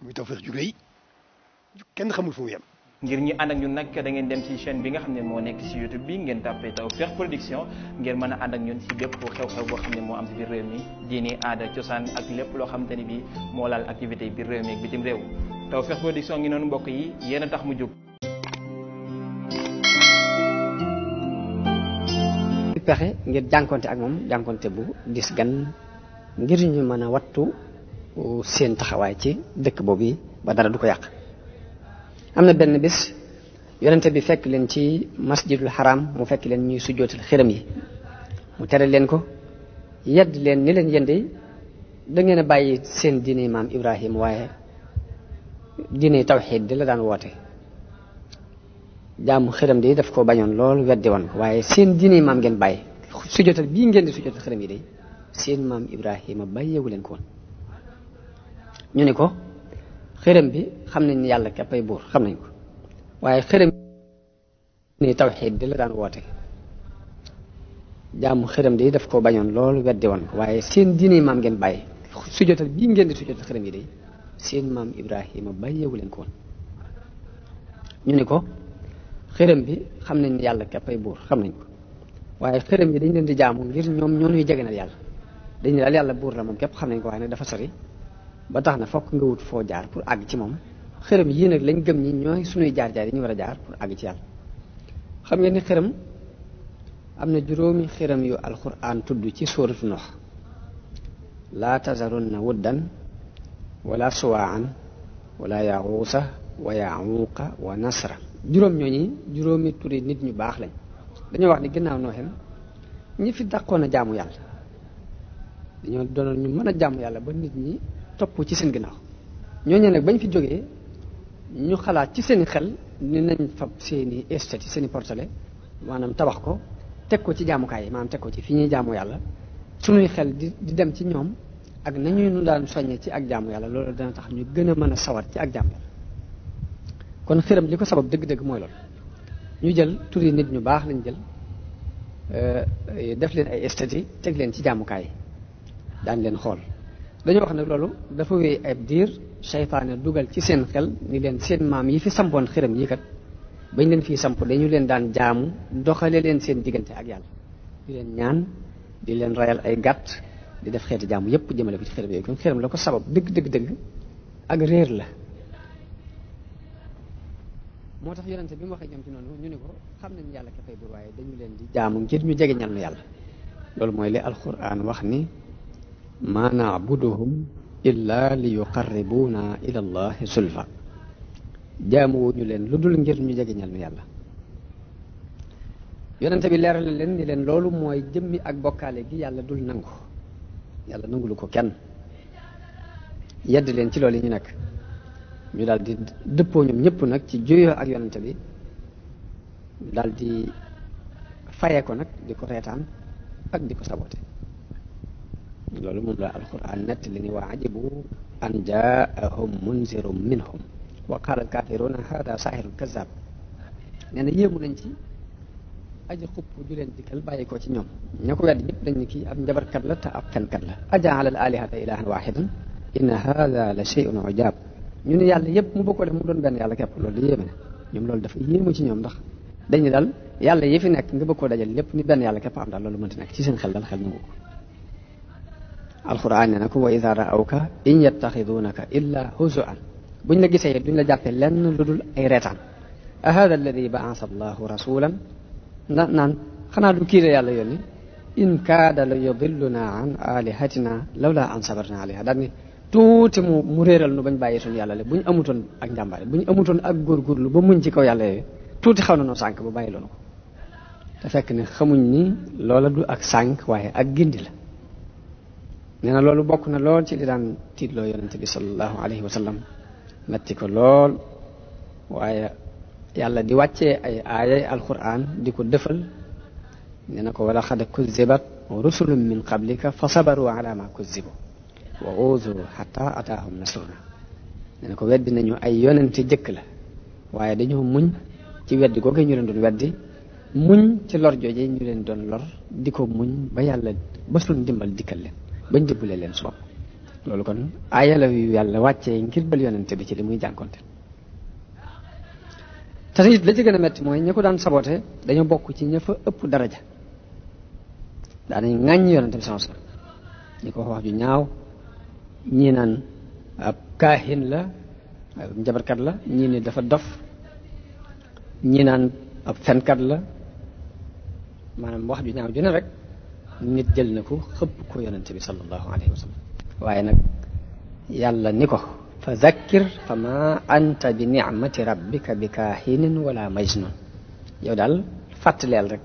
muy Tawfekh ju rëy kenn xamul fu mu ngir ñi ànd ak ñun nag da ngeen dem ci chaîne bi nga xam ne moo nekk ci YouTube bi ngeen tàppee Tawfekh Production ngeen mën a ànd ak ñun ci bépp xew-xew boo xam ne moo am ci biir réew mi diini aada cosaan ak lépp loo xamante ni bi moo laal activité yi biir réew mi ak bitim réew Tawfekh Production ngi noonu mbokk yi yéen a tax mu jóg. pexe ngir jànkonte ak moom jànkonte bu dis gan ngir ñu mën a wattu. seen taxawaay ci dëkk boobu yi ba dara du ko yàq am na benn bis yonente bi fekk leen ci masjidul xaram mu fekk leen ñuy sujjootal xiram yi mu tere leen ko yedd leen ni leen yende da ngeen a bàyyi seen diine maam Ibrahim waaye diine tawxiid di la daan woote jaamu xiram di def ko bañoon lool weddi woon ko waaye seen diine maam ngeen bàyyi sujjootal bii ngeen di sujjootal xiram yi day seen maam Ibrahima bàyyeewu leen ko ñu ni ko xërëm bi xam nañ ni yàlla képpay buur xam nañ ko waaye xërëm ni tawxiid di la daan woote jaamu xërëm di daf ko bañoon loolu weddi woon ko waaye seen diine maam ngeen bàyyi sujjotal bii ngeen di sujjotal xërëm yi day seen maam leen ko ñu ni ko xërëm bi xam nañ ni yàlla képpay buur xam nañ ko waaye xërëm yi dañ leen di jaamu ngir ñoom ñoo ñuy jegenal yàlla dañu daal yàlla buur la moom képp xam nañ ko waaye nag dafa sori ba tax na fokk nga wut foo jaar pour àgg ci moom xërëm yii nag lañ gëm ñi ñooy suñuy jaar-jaar yi ñu war a jaar pour àgg ci yàlla xam nga ni xërëm am na juróomi xërëm yu alquran tudd ci sóoratu Nuux laa tazarunna wuddan wala suwaan wala yaxuusa wa yaxuuqa wa nasra juróom ñooñi juróomi turi nit ñu baax lañ dañoo wax ni ginnaaw nooxen ñi fi dàqoon a jaamu yàlla dañoo doonoon ñu mën a jàmm yàlla ba nit ñi topp ci seen ginnaaw ñooñu nag bañ fi jógee ñu xalaat ci seen xel ni nañ fab seen i estate portale maanaam tabax ko teg ko ci jaamukaay yi maanaam teg ko ci fi ñuy jaamu yàlla suñuy xel di di dem ci ñoom ak na nañuy nu daan soññee ci ak jaamu yàlla loolu dana tax ñu gën a mën a sawar ci ak jaamu yàlla kon xiram li ko sabab dëgg-dëgg mooy loolu ñu jël turi nit ñu baax lañ jël euh, def leen ay estate teg leen ci jaamukaay yi daan leen xool dañoo wax ne loolu dafa wéy ab diir seytaane dugal ci seen xel ni leen seen maam yi fi sampoon xërëm yi kat bañ leen fii samp dañu leen daan jaamu doxale leen seen diggante ak yàlla leen ñaan di leen rayal ay gàtt di def xeeti jaamu yépp jëmale ko ci xërëm yooyu kon la ko sabab dëgg dëgg dëgg ak la moo tax yonente bi mu waxee ñoom noonu ñu ne ko xam nañ yàlla ka fay waaye dañu leen di jaamu ngir ñu jege ñal nu yàlla loolu mooy li alquran wax ni maa naabuduhum illa li yuqarribuuna ila allahi zulfa jaamuwuñu leen lu dul ngir ñu jegeñal nu yàlla yonente bi leerale leen ni leen loolu mooy jëmmi ak bokkaale gi yàlla dul nangu yàlla nangulu ko kenn yedd leen ci loolu yi ñu nekk ñu daal di dëppoo ñoom ñëpp nag ci juyoo ak yonente bi daldi di nag di ko reetaan ak di ko sabote loolu moom la alquran nett li ni waa ajibu an jaahum munzirum minhum wa qaala alkafiruna hada saaxirun kazab nee na yéemu nañ ci aji xupp ju leen dikkal bàyyi ko ci ñoom ña ko wedd ñëpp dañ ni kii ab njabarkat la te ab fenkat la ajaala al alihata ilahan waxidan inna hada la sheyun ujab ñu ne yàlla yëpp mu bokkoo def mu doon benn yàlla képp loolu yéeme na loolu dafa yéemu ci ñoom ndax dañu daal yàlla yi fi nekk nga bëgg koo dajal lépp ni benn am daal loolu mënta nekk ci seen xel dal xel nangu ko alxuraan ne na ko wa idaa raawka in yattaxiduunaka illa huzuan buñ la gisee duñ la jàppee lenn lu dul ay reetaan a hada alladi baasa allahu rasulan ndax naan xanaa du kii de yàlla yónni in kaada la yudilluna an alihatina lawla an sabarna alayha daan ne tuuti mu mu réeral nu bañ bàyyi suñu yàlla le buñ amutoon ak njàmbaare buñ amutoon ak góorgóorlu ba muñ ci kaw yàlla yooyu tuuti xaw na noo sànk ba bàyyi loonu fekk ne xamuñ ni loola du ak sànk waaye ak gindi la nee na loolu bokk na lool ci li daan tiitloo yonent bi sallallahu alayhi wa sallam natti ko lool waaye yàlla di wàccee ay aayay di ko dëfal nee na ko wala xad kuzibat rusulun min qablika fa sabaru ala ma kuzibu wa uuduu xata ataahum nasruna nee na ko weddi nañu ay yonente jëkk la waaye dañoo muñ ci weddi googu ñu leen doon weddi muñ ci lor jooje ñu leen doon lor di ko muñ ba yàlla ba suñ dimbal dikkal leen bañ jëbbule leen su loolu kon aaya la yu yàlla wàccee ngir bal yonente bi ci li muy jànkonte te it la ci gën a mooy ñi ko daan sabote dañoo bokk ci ña fa ëpp daraja daanañ ŋàññ yonente bi sama sallam ñi ko wax wax ju ñaaw ñii naan ab kaahin la ab njabarkat la ñii ne dafa dof ñii naan ab fenkat la maanaam wax ju ñaaw ju ne rek nit jël na ko xëpp ko yonente bi sallallahu alayhi wa waaye nag yàlla ni ko fa zakkir fa ma anta bi ni'mati rabbika bi kaahinin wala majnun yow daal fàttaleel rek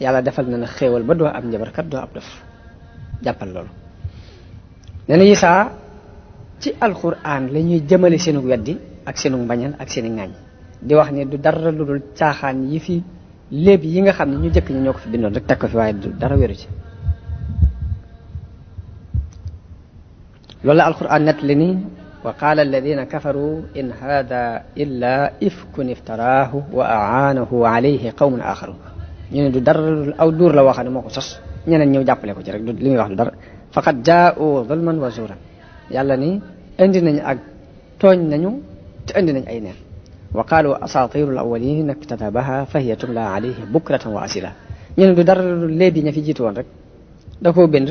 yàlla defal na na xéewal ba doo am njabarkat doo ab def jàppal loolu nee na Isaa ci alquran la ñuy jëmale seenu weddi ak seenu mbañal ak seeni ŋaañ di wax ni du dara lu dul caaxaan yi léebi yi nga xam ne ñu jëkk ñu ñoo ko fi bindoon rek teg ko fi waaye dara wéru ci loolu la alquran nett li ni wa qaala alladina kafaru in hada illa ifkun iftaraahu wa aanahu alayhi qawmun ñu ne du dara aw duur la waxane moo ko sos ñeneen ñëw jàppale ko ci rek li muy wax du dara faqad jaau zulman wa zuuran yàlla ni indi nañ ak tooñ nañu te indi nañ ay neen وقالوا أساطير الأولين اكتتبها فهي تملى عليه بكرة وأسلة ñu ne du dara léebi ña fi jiitu woon rek da koo bind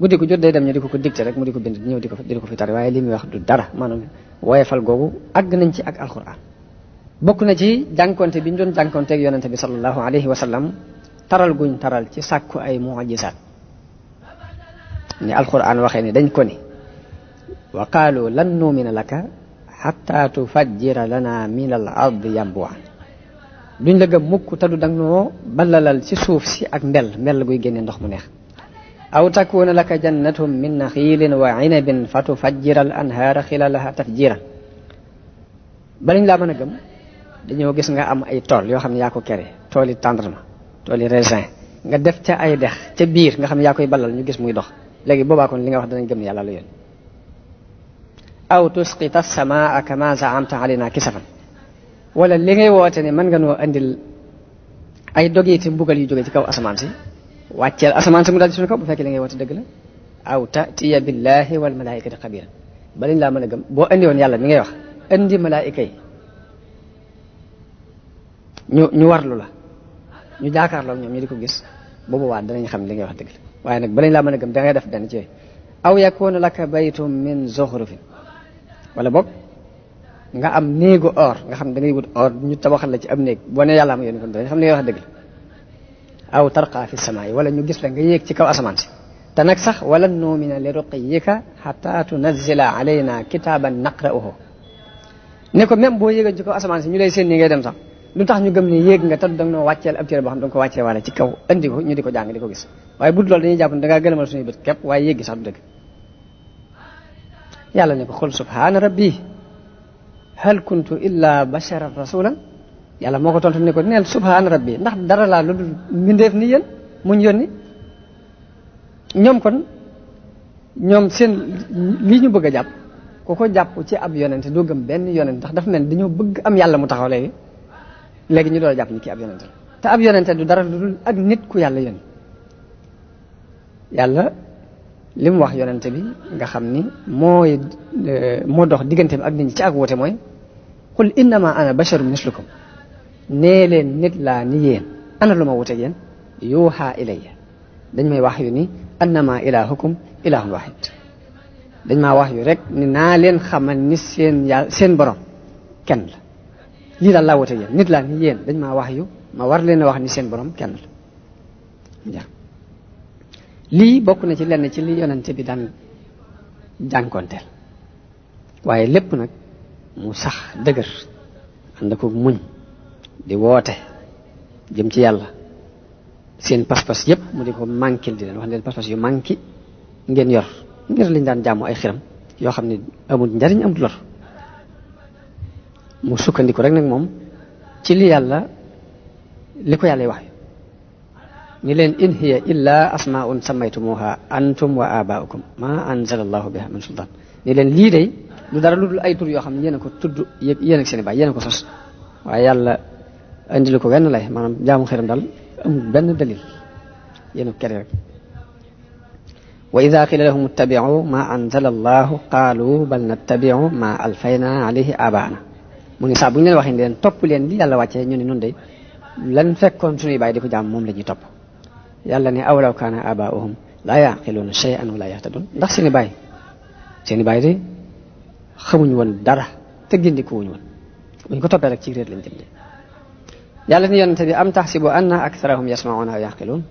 guddi ko jot day dem ñu di ko ko digte rek mu di ko bind ñëw di ko di ko fi tari waaye li muy wax du dara maanaam woyefal googu àgg nañ ci ak alquran bokk na ci jànkonte bi ñu doon jànkonteeg yonente bi sallallahu alayhi wa sallam taral guñ taral ci sàkku ay mujisaat ni alquran waxee ni dañ ko ni wa qaalu lan nuumina laka xatta tufajjira lana min al ard yambuwa duñ la gëm mukk te du dang noo ballalal ci suuf si ak mbel mbel guy génne ndox mu neex aw takuna laka jannatum min naxiilin wa inabin fa tufajjira al anhaara xilalaha tafjira balañ laa mën a gëm dañoo gis nga am ay tool yoo xam ne yaa ko kere tool yi tendrement tool yi raisin nga def ca ay dex ca biir nga xam ne yaa koy balal ñu gis muy dox léegi boobaa li nga wax danañ gëm ne yàlla la yoon aw tusqita samaa kama zaamta aleyna kisafan wala li ngay woote ne mën nga noo andil ay dogeeti mbugal yu jóge ci kaw asamaan si wàcceel asamaan si mu daal ci suñu kaw bu fekkee li ngay woote dëgg la aw tatiya billahi wal malaikati xabira ba lañ laa mën gam boo andi woon yàlla mi ngay wax andi malaayika yi ñu ñu warlu la ñu jaakaarloo ñoom ñu di ko gis bu boobaa danañ xam li ngay wax dëgg la waaye nag ba lañ laa mën a gëm da def benn ci aw yakunu laka baytum min zuxrufin wala boog nga am néegu or nga xam da ngay wut or ñu tabaxal la ci am néeg boo nee yàlla ma yónni ko dañ xam ne wax dëgg la aw tarqa fi samaay ñu gis la nga yéeg ci kaw asamaan si te nag sax wala nuumina li ruqiyika xata tunazila alayna kitaaban naqra'uhu ne ko même boo yéegoon ci kaw asamaan si ñu seen nii ngay dem sax lu tax ñu gëm ne yéeg nga tad dang noo wàcceel ab téere boo xam danga ko wàccee waale ci kaw andi ko ñu di ko jàng di ko gis waaye bu dul loolu dañuy jàpp ne dangaa gëlëmal suñuy bët dëgg yàlla ñu ko xul subhaana rabbi hal kuntu illa basharan rasulan yàlla moo ko tontu ne ko neel subhaana rabbi ndax dara laa lu dul mbindeef ni yéen muñ yónni ñoom kon ñoom seen lii ñu bëgg a jàpp ku ko jàpp ci ab yonente doo gëm benn yonente ndax dafa mel dañoo bëgg am yàlla mu taxaw léegi léegi ñu doon jàpp ni kii ab yonente la te ab yonente du dara lu dul ak nit ku yàlla yónni yàlla li mu wax yonente bi nga xam ni mooy euh, moo dox diggante bi ak nit ñi ci ak woote mooy qul innama ana basharun mislukum nee leen nit laa ni yéen ana lu ma wote wuteeg yéen yuuxaa ilayya dañ may wax yu ni annama ilahukum ilahun wahid dañ maa wax yu rek ni naa leen xamal ni seen yàlla seen borom kenn la lii daal laa wuteeg nit laa ni yéen dañ ma wax yu ma war leen a wax ni seen borom kenn la lii bokk na ci lenn ci li yonente bi daan jànkonteel waaye lépp nag mu sax dëgër ànd ko muñ di woote jëm ci yàlla seen pas-pas yëpp mu di ko manquil di leen wax leen pas yu manqué ngeen yor ngir liñ daan jàmm ay xiram yoo xam ne amul njariñ amul lor mu sukkandiku rek nag moom ci li yàlla li ko yàlla wax ni leen in hiya illa asmaun sammaytumuha antum wa abaukum ma anzalallahu biha min sultan ni leen lii day lu dara lu dul ay tur yoo xam ne yéen a ko tudd yéen ak seen i baay yéen a ko sos waaye yàlla indilu ko wenn lay maanaam jaamu xëram daal amul benn dalil yéen a ko kere rek wa ida qila lahum ittabiu ma anzala allahu qaalu bal nattabiu ma alfayna alayhi abaana mu ni saa bu ñu leen waxee leen topp leen li yàlla wàccee ñu ne noonu day lan fekkoon suñuy baay di ko jaam moom la ñuy topp yàlla ne awlaw kaana abaa'uhum laa yaqiluuna shay'an wa laa yahtadun ndax seeni baay seeni baay de xamuñu woon dara te gindiku wuñu woon buñ ko toppee rek ci réer lañ jëm de yàlla ni yonente bi am tahsibu anna aktharahum yasma'uuna aw yaqiluun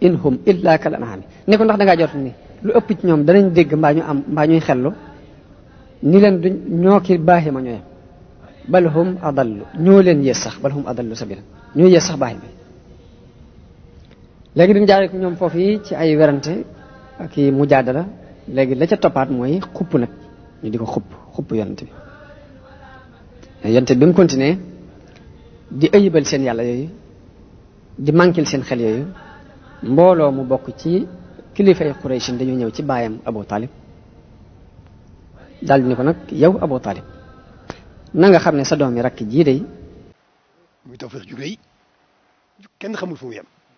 in hum illa kal an'aami ne ko ndax da ngaa ni lu ëpp ci ñoom danañ dégg mbaa ñu am mbaa ñuy xellu ni leen du ñoo ki baaxi ma ñooyam bal hum adallu ñoo leen yées sax bal hum adallu sabila ñoo sax baaxi léegi bi mu jaaree ko ñoom foofu yi ci ay werante ak i mujaadala léegi la ca toppaat mooy xupp nag ñu di ko xupp xupp yonent bi yonent bi mu continuer di ëyibal seen yàlla yooyu di mànkil seen xel yooyu mbooloo mu bokk ci kilifay Quraysh dañu ñëw ci baayam Abu Talib daal ni ko nag yow Abu Talib na xam ne sa doom yi rakk jii day muy tawfeex ju kenn xamul fu yam